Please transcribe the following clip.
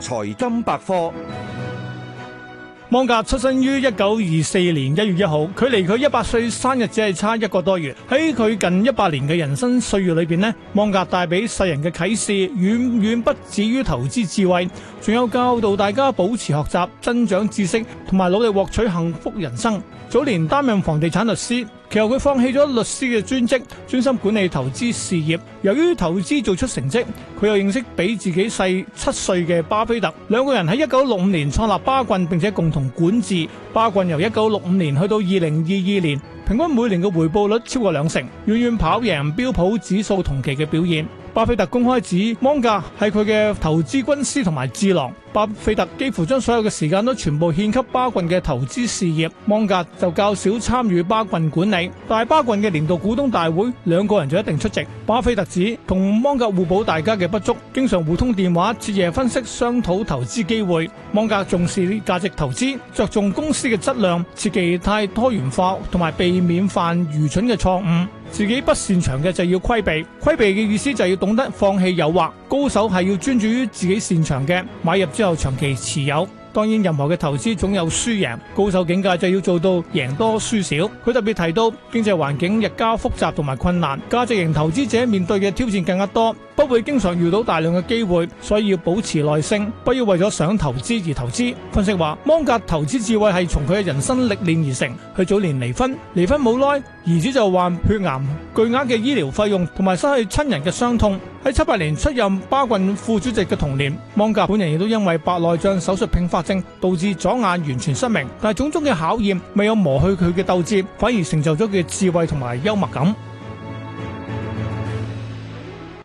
財金百科，芒格出生於一九二四年一月一號，距離佢一百歲生日只係差一個多月。喺佢近一百年嘅人生歲月裏邊呢，芒格帶俾世人嘅啟示遠遠不止於投資智慧，仲有教導大家保持學習、增長知識同埋努力獲取幸福人生。早年擔任房地產律師。其後佢放棄咗律師嘅專職，專心管理投資事業。由於投資做出成績，佢又認識比自己細七歲嘅巴菲特。兩個人喺一九六五年創立巴郡，並且共同管治巴郡，由一九六五年去到二零二二年，平均每年嘅回報率超過兩成，遠遠跑贏標普指數同期嘅表現。巴菲特公開指芒格係佢嘅投資軍師同埋智囊，巴菲特幾乎將所有嘅時間都全部獻給巴郡嘅投資事業，芒格就較少參與巴郡管理。但係巴郡嘅年度股東大會，兩個人就一定出席。巴菲特指同芒格互補大家嘅不足，經常互通電話，徹夜分析、商討投資機會。芒格重視價值投資，着重公司嘅質量，切忌太多元化，同埋避免犯愚蠢嘅錯誤。自己不擅長嘅就要規避，規避嘅意思就要懂得放棄誘惑。高手係要專注於自己擅長嘅，買入之後長期持有。當然，任何嘅投資總有輸贏，高手境界就要做到贏多輸少。佢特別提到經濟環境日加複雜同埋困難，價值型投資者面對嘅挑戰更加多，不會經常遇到大量嘅機會，所以要保持耐性，不要為咗想投資而投資。分析話，芒格投資智慧係從佢嘅人生歷練而成。佢早年離婚，離婚冇耐，兒子就患血癌，巨額嘅醫療費用同埋失去親人嘅傷痛。喺七八年出任巴郡副主席嘅同年，芒格本人亦都因為白內障手術併發。導致左眼完全失明，但係種種嘅考驗未有磨去佢嘅鬥志，反而成就咗佢嘅智慧同埋幽默感。